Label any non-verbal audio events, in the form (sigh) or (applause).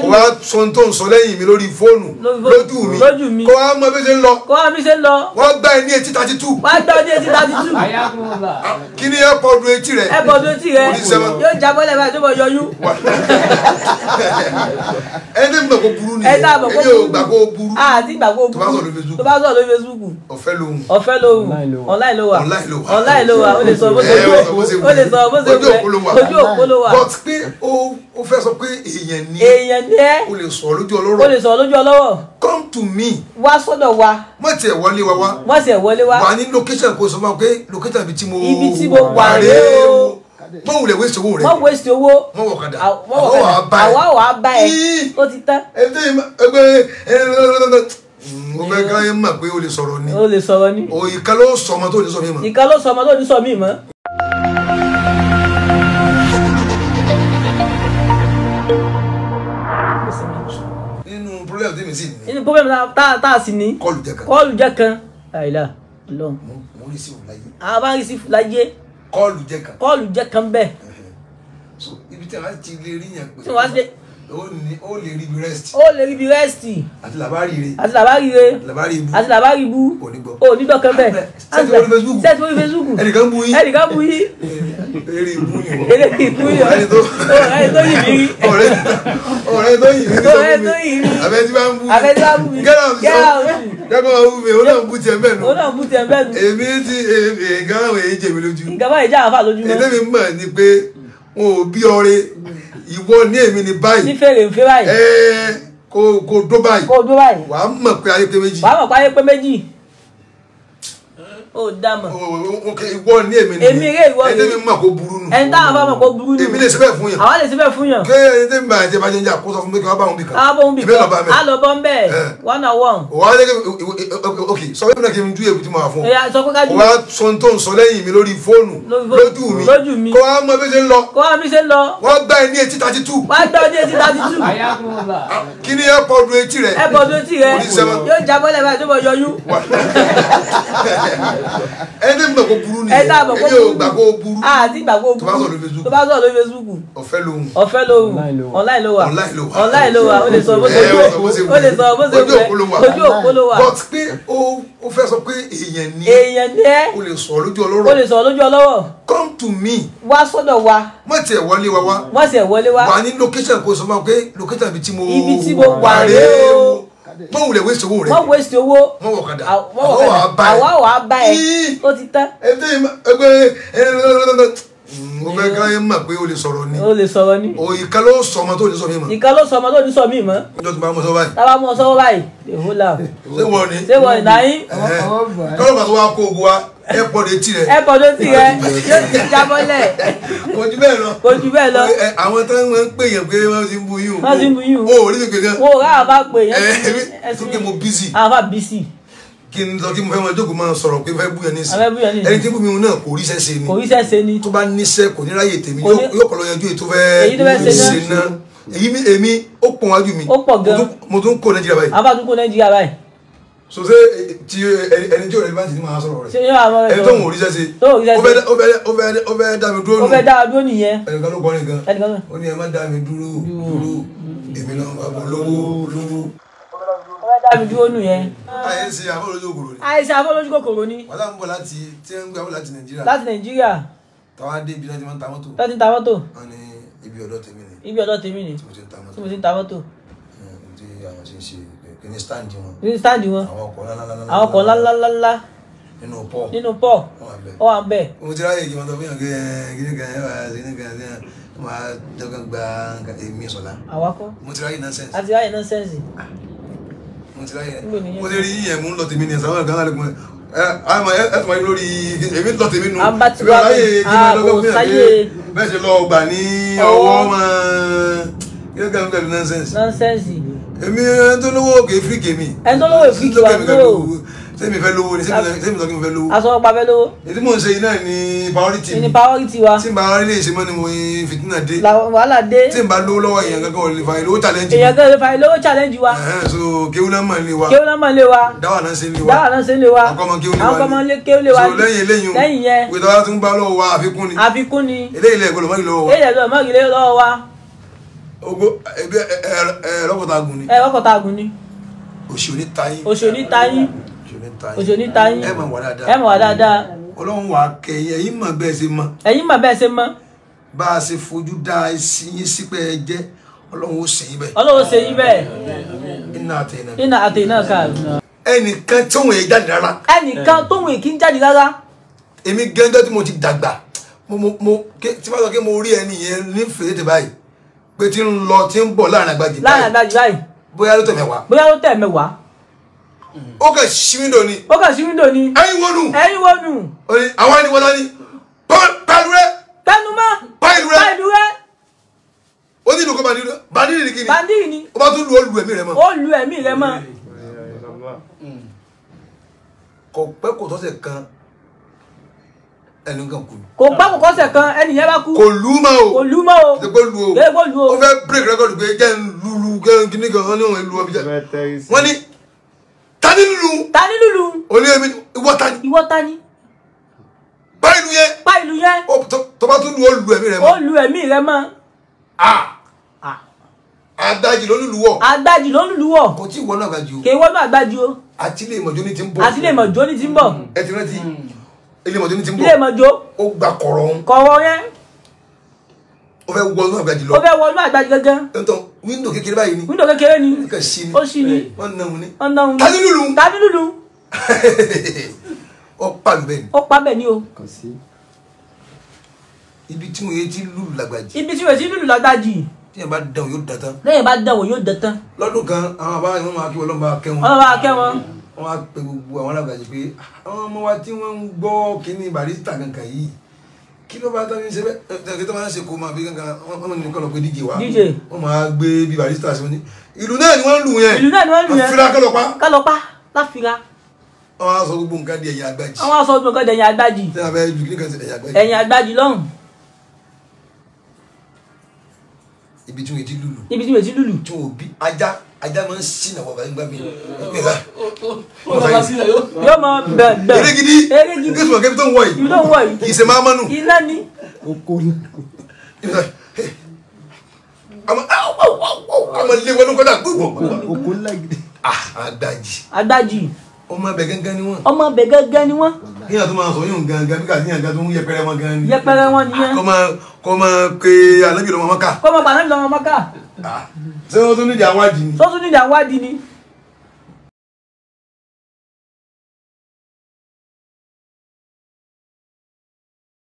kó wá sọ tó ń sọ lẹ́yìn mi lórí fóònù lójú mi kó wá mọ bí ṣe ń lọ kó wá bí ṣe ń lọ wọ́n gbá ẹ ní etí thirty two wọ́n gbá ẹ ní etí thirty two (laughs) ah, kí ni airpod etí rẹ airpod etí rẹ yóò jábọ́ lẹ́ẹ̀ báyìí tó bọ̀ yọyú. ẹ ní mi gbàgbọ́ burú nìyẹn èmi ò gbàgbọ́ burú àti ah, gbàgbọ́ burú tó bá sọ̀rọ̀ lórí Facebook ọ̀fẹ́ lóhùn ọ̀fẹ́ lóhùn online ló wà online ló wà ó lè sọ bó ṣe wù ó lè sọ bó ṣe wù ojú òpó ló wà but pé ó fẹ́ sọ pé èèyàn ni jẹ́. o lè sọ̀rọ̀ lójú ọlọ́rọ̀. o lè sọ̀rọ̀ lójú ọlọ́rọ̀. come to me. wá sọ́dọ̀ wa. má tiẹ̀ wọlé wa wá. má tiẹ̀ wọlé wa. wà á ní location kó sọ fún pé location ibi tí mo. ibi tí mo wà rèé o mọ wulẹ̀ wéṣẹ̀ owó rẹ mọ wéṣẹ̀ owó mọ wọ̀kadà mọ wọ̀kadà àwa wà á bá ẹ ó ti tán. ẹgbẹ́ ẹgbẹ́ mo fẹ́ ká ẹ mọ̀ pé o lè sọ̀rọ̀ ni o lè sọ̀rọ̀ ni ìka ló sọ ọmọ tó ní sọ mí mọ́. ìka ló sọ ọmọ ní sọ mí mọ́. problem tí mi sì ní. inú problem tá a sì ní. kọlù jẹ kan. kọlù jẹ kan àìlà lọ. mo rí sí fúláyé. a bá rí sí fúláyé. kọlù jẹ kan. kọlù jẹ kan so ibi tí a bá ti lè rí yẹn pé. tí o lè ríbi rest. o lè ríbi rest. àti làbáríire. àti làbáríire. àti làbáríibu. àti làbáríibu. onígbọ. onígbọ kan bẹ. sẹ́ẹ̀tì orí facebook. sẹ́ẹ̀tì orí facebook. ẹnìkan bu yín. ẹnìkan bu yín. eré ibu yìí wọ. eré ibu yìí wọ. ọ̀rẹ́ tó yìí rí. ọ̀rẹ́ ọ̀rẹ́ tó yìí rí. ọ̀rẹ́ tó yìí rí. abẹ́tí bá ń bu mi. abẹ́tí bá ń bu mi. gẹ́gà gẹ́gà bu mi o náà bu tiẹ̀ bẹ́ẹ̀ nù. o náà bu tiẹ̀ bẹ́ẹ̀ nù. èmi ti nǹkan àwọn èyí jẹ mi lójú. nǹkan báyìí já àfa lójú ìwọ ní èmi ni báyìí ní fèrè ń fẹ́ báyìí kò kò dó báyìí kò dó báyìí wàá mọ̀ pé ayé pé méjì wàá mọ̀ pé ayé pé méjì o da mọ. ìwọ ni èmi ni èmi rè ìwọ ni ẹni mi mọ kó burú nù. ẹni táwọn bá mọ kó burú nù. èmi lè síbẹ̀ fún yàn. àwọn lè síbẹ̀ fún yàn. ké ẹni tí mi bá jẹ bá jẹ ń jà kó sọ fún mi kí wọ́n bá wọn bì kan. àwọn bò ń bì kan a lọ bọ́ ń bẹ̀ one on one. wàá lé ok sọ fún mi náà kí n ju èbú a, mo wà fún. wàá sọ tó ń sọ lẹ́yìn mi lórí fóònù lójú mi kó wàá mọ bí ṣe ń lọ. kó wàá bí ṣe ń lọ. wàá gbá ẹ ní etí thirty two. wàá gbá ẹ ní etí thirty two. Ah, kí ni airpod etí rẹ. airpod etí rẹ yóò jábọ́ lẹ́ẹ̀ (laughs) ẹni tí burú nìyẹn ẹni tí burú àti gbà kó burú tó bá sọ̀rọ̀ lórí facebook ọ̀fẹ́ lòun ọ̀fẹ́ lòun online ló online ló o lè sọ bó ṣe wù ẹ́ o lè sọ bó ṣe wù ẹ́ ojú òpó ló wà but pé o fẹ́ sọ pé èèyàn ni èèyàn ni ẹ́ o lè sọ lójú ọlọ́rọ̀ o lè sọ lójú ọlọ́rọ̀ come to me wá sọ́dọ̀ wa má tiẹ̀ wọlé wa wá má tiẹ̀ wọlé wa wà ní location kó sọ ma pé location ibi tí mo wà rèé o mọ wulẹ̀ wẹ́sì owó rẹ. mọ wẹ́sì owó. mọ wọ ọ̀kadà àwọ̀ wà á bá ẹ. àwọ̀ wà á bá ẹ ó ti tán. ẹgbẹ́ ẹgbẹ́ mo fẹ́ kí wọ́n mọ̀ pé o lè sọ̀rọ̀ ni. o lè sọ̀rọ̀ ni. o ìka ló sọ ọmọ tó ní sọ mi mọ̀. ìka ló sọ ọmọ tó ní sọ mi mọ̀. ọjọ́ tí bá mọ sọ́wọ́ báyìí. tá a bá mọ sọ́wọ́ báyìí. èhó la. ṣé wọ ni. ṣé wọ ni náà yín. kọ́lọ́ bàtà wa kó o bu wa ẹ bọ̀ létí rẹ ẹ bọ̀ létí rẹ yóò ti jábọ́lẹ̀ kò jù bẹ́ẹ̀ lọ kò jù bẹ́ẹ̀ lọ àwọn tó ń pè yẹn pé wọ́n ti ń bu yín o wọ́n ti ń bu yín o o rí mi kankan o rà àbá pè yẹn ẹ tó kí mo bísì àbá bísì kí n lọ kí mo fẹ́ máa jókòó máa sọ̀rọ̀ pé fẹ́ búyàn nísìn ẹni tí búmi náà kò ríṣẹ́ ṣe ni kò ríṣẹ́ ṣe ni tó bá níṣẹ́ kò ní ráyè tèmi yóò kọ́ lọ yanjú ètò fẹ́ ṣe náà èyí mi èmi ó pọ̀ wájú mi mo tún kó Nàìjíríà báyìí so ṣe eh, eh, ti eh, ẹni tí o relevant ni máa sọ̀rọ̀ rẹ̀ ẹni tó ń wò oríṣẹ́ ṣe o fẹ́ dá mi dúró nù ó fẹ́ dá mi dúró nìyẹn ẹnìkan ló kọrin gan ó ní ẹ má dá mi dúró dúró èmi náà máa bọ̀ lówó lówó. ó fẹ́ dá mi dúró nù yẹn. àìsí afọlójú kòkòrò ni. àìsí afọlójú kòkòrò ni. wàhálà ń bọ̀ láti tí ń gbé àwọn láti nàìjíríà. láti nàìjíríà. táwa dé ibi láti máa ń ta mọ́tò. láti ta mọ́tò. wọ́n ní ibi ọ̀dọ́ tèmi ni. ibi ọ̀dọ́ tèmi ni. tí mo ti ń ta mọ́tò. tí mo ti ń ta mọ́tò kìíní stáǹdì wọn. kìíní stáǹdì wọn. àwọn ọkọ̀ ńláńláńlá. àwọn ọkọ̀ ńláńláńlá. nínú pọ̀. nínú pọ̀. ó wà ń bẹ̀. mo ti ráyè ìjọba tó fi hàn kíní kan ẹ máa kíní kan ẹ máa dọ́gba gba èmi sọ̀la. àwa kọ́. mo ti ráyè nọ́nsẹ̀nsì. àti ráyè nọ́nsẹ̀nsì. Ah. mo ti ráyè mo ti rí yẹn mú lọ tèmi ní ẹ̀sán àwọn àmọ́ ẹ eh, tún wáyé lórí èmi lọ tèmi nù èmi ráyè kí ni ọlọ́gbọ́n mi àgbẹ̀ bẹ́ẹ̀ ṣe lọ gbà ní ọwọ́ máa kí ló kẹ́ mi kẹ́ mi nọ́nsẹ̀nsì. nọ́nsẹ̀nsì èmi ẹni tó lówó kì í fíríkì ẹni tó lówó kì í lówó sẹ́mi fẹ́ lówó ni sẹ́mi sọ kí fẹ́ lówó. aṣọ ọgbà fẹ́ lówó. ètò mò ń ṣe iná ní priority mi. ní priority wa. tí n bá rí lè ṣe mọ́ ni mo yin fìtínà dé. wàhálà dé. tí n bá lówó lọ́wọ́ èèyàn kankan ò lè fa ìlówó challenge èèyàn kankan ò lè fa ìlówó challenge wa. so kéwù mọ̀ lé wa. kéwù mọ̀ lé wa. dáwà náà ṣe lé wa. dáwà náà ṣe lé wa. àkọ́mọ kéwù wa. àkọ́mọ kéwù wa. so lẹ́yìn eléyìí lẹ́yìn yẹn. gbẹdọ̀ ogo ebi ẹ e, e, e, rọkọta gun ni. ẹ rọkọta gun ni. òṣèré tayín. òṣèré tayín. òṣèré tayín. ẹ mọ̀ wá dáadáa. ẹ mọ̀ wá dáadáa. ọlọ́run wà kẹyìn ẹ̀yin mọ̀ bẹ́ẹ̀ ṣe mọ̀. ẹ̀yin mọ̀ bẹ́ẹ̀ ṣe mọ̀. bá a ṣe fojú dá yín sípẹ́ ẹ jẹ́ ọlọ́run ó ṣe yín bẹ́ẹ̀. ọlọ́run ó ṣe yín bẹ́ẹ̀. iná àtẹ̀ iná. iná àtẹ̀ iná ká. ẹnìkan tóun èyí jáde rárá. ẹnìkan tóun èyí kì í jáde rárá. èmi gẹ́gẹ́ tí mo ti dàgbà mo mo mo tí wọ́n sọ pé mo rí ẹni yẹn nífẹ̀ẹ́ tẹ̀ báyìí pé tí ń lọ tí ń bọ̀ láàrin agbájì báyìí láàrin agbájì báyìí bóyá ló tẹ̀ mẹ́wàá bóyá ló tẹ̀ mẹ́wàá ó kà sí wíńdò ni. ó kà sí wíńdò ni. ẹyin wọnú. ẹyin wọnú. oye àwọn ẹni wọlé ni pàdúrẹ́. tẹnumọ́. pàdúrẹ́. pàdúrẹ́. ó ní ìdókòwò bandiri bandiri ni kíni. bandiri ni. ó bá tún lu ó ẹ̀mí rẹ mọ́. ó lu ẹ̀mí rẹ mọ́. Mm. kò pẹ́ kò tọ́sẹ̀ kan ẹnu kò gbá kò kọ́sẹ̀ kan ẹni yẹn bá kú. kò lù ú o. kò lù ú o. kò lù o. kò lù o. ó fẹ́ break record pé jẹ́ ń lulu kíní kan wọ́n ní wọ́n lu ọbí jẹ́. wọ́n ní tani lulu. tani lulu. olú yẹn mi ìwọ tani. ìwọ tani. pa ìlú yẹn. pa ìlú yẹn. tọ́ba lu ó lu ẹ̀mí rẹ mọ́. ó lu ẹ̀mí rẹ mọ́. a agbájì ló lùlù wọ. agbájì ló kò tí ì wọnú àgbájì o. kì í wọnú àgbájì o. àtìlẹ́mọ̀jọ́ ni ti ń bọ̀. àtìlẹ́mọ̀jọ́ ni ti ń bọ̀. ẹ ti rántí. Hmm ilé mọ̀jọ́ ní ti ń bọ̀ ilé mọ̀jọ́ ó gba kọ̀rọ̀ òun kọ̀rọ̀ yẹn ó fẹ́ wọ inú àgbàjì lọ ó fẹ́ wọ inú àgbàjì gángan ẹ̀ńtọ́ wíńdò kékeré báyìí ni wíńdò kékeré ni ó sì ni wọ́n ná òun ni tani lulu tani lulu (laughs) ó pa lù bẹ́ẹ̀ ni ó pa bẹ́ẹ̀ ni o ibi tí mo yé ti lulu làgbàjì ibi tí mo yé ti lulu làgbàjì téèyàn bá dẹ̀wò yóò dẹ̀ tán bá dẹ̀wò yóò dẹ̀ tán kan àwọn àbáyọ̀ máa kí wọ́n lọ́nba kẹ́wọn. ọlọ́ba kẹ́wọn wọ́n á pe gbogbo àwọn alábàájì pé àwọn ọmọ wa tí wọ́n ń gbọ́ kínní barista kankan yìí kí ló bá tán ní sẹ́fẹ́ ẹ̀ tó máa ń ṣe kó máa bí kankan wọ́n ní kọ́lọ́ pé díje wa wọ́n máa gbé bí barista sí wọn ní ìlú náà ni wọ́n ń lù yẹn ìlú náà ni wọ́n ń lù yẹn àfira kọ́lọ́pá kọ́lọ́pá láfira. àwọn aṣọ gbogbo nǹkan di ẹ̀yìn agbájì. àwọn aṣọ gbogbo nǹkan di ẹ̀yìn agbájì. ẹ̀yìn agbájì lọ́hùn. ibi tí wọ́n ti lùlù. ibi tí wọ́n ti lùlù. tí wọ́n bí ajá ajá máa ń ṣìnà wà báyìí gbàmí. yóò máa bẹ̀ bẹ̀ eré gidi eré gidi yóò sọ̀rọ̀ kẹ́bi tó ń wọ̀ yìí tó ń wọ̀ yìí kì í ṣe máa mọ́nu. iná ni. oko ni. ọmọ ilé wọn ló kọjá gbogbo. oko ńlá gidi. àgbàjì. Ah, àgbàjì ọmọ abẹ gangan ni wọn. ọmọ abẹ gangan ni wọn. níyà tó máa sọ yóò gangan bí kàdínyà gan tó ń yẹpẹrẹ wọn gan ni. yẹpẹrẹ wọn nìyẹn. kọ́ máa kọ́ máa pe alábìlọ́mọ mọ́ká. kọ́ máa pa alábìlọ́mọ mọ́ká. Ah. ṣé ó tún nídìí àwádìí ni. ó tún nídìí àwádìí ni.